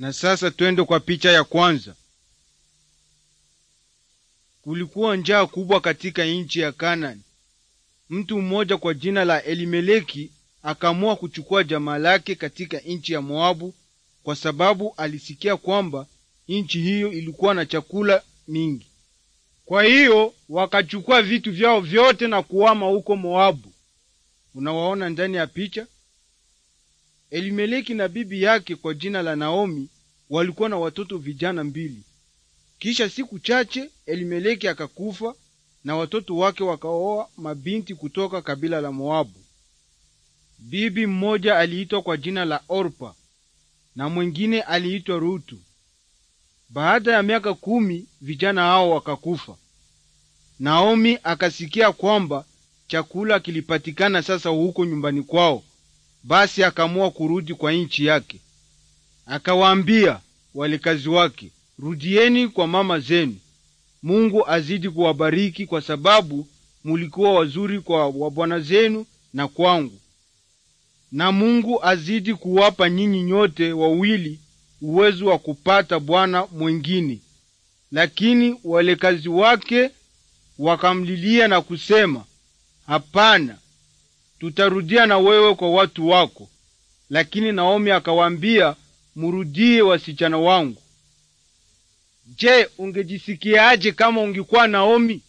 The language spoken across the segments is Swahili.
Na sasa twende kwa picha ya kwanza. Kulikuwa njaa kubwa katika nchi ya Kanani. Mtu mmoja kwa jina la Elimeleki akaamua kuchukua jamaa lake katika nchi ya Moabu kwa sababu alisikia kwamba nchi hiyo ilikuwa na chakula mingi. Kwa hiyo wakachukua vitu vyao vyote na kuhama huko Moabu. Unawaona ndani ya picha. Elimeleki na bibi yake kwa jina la Naomi walikuwa na watoto vijana mbili. Kisha siku chache Elimeleki akakufa na watoto wake wakaoa mabinti kutoka kabila la Moabu. Bibi mmoja aliitwa kwa jina la Orpa na mwingine aliitwa Rutu. Baada ya miaka kumi vijana hao wakakufa. Naomi akasikia kwamba chakula kilipatikana sasa huko nyumbani kwao, basi akaamua kurudi kwa nchi yake. Akawaambia walikazi wake, rudieni kwa mama zenu. Mungu azidi kuwabariki kwa sababu mulikuwa wazuri kwa wabwana zenu na kwangu, na Mungu azidi kuwapa nyinyi nyote wawili uwezo wa kupata bwana mwingine. Lakini walekazi wake wakamlilia na kusema, hapana, tutarudia na wewe kwa watu wako. Lakini Naomi akawaambia, murudie wasichana wangu. Je, ungejisikiaje kama ungekuwa Naomi?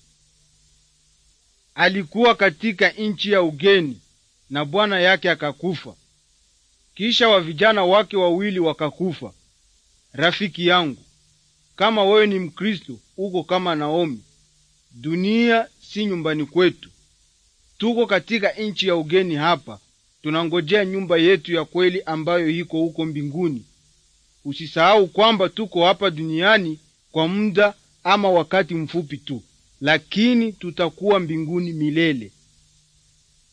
Alikuwa katika nchi ya ugeni na bwana yake akakufa, kisha wavijana wake wawili wakakufa. Rafiki yangu, kama wewe ni Mkristo, uko kama Naomi. Dunia si nyumbani kwetu. Tuko katika nchi ya ugeni hapa, tunangojea nyumba yetu ya kweli ambayo iko huko mbinguni. Usisahau kwamba tuko hapa duniani kwa muda ama wakati mfupi tu, lakini tutakuwa mbinguni milele.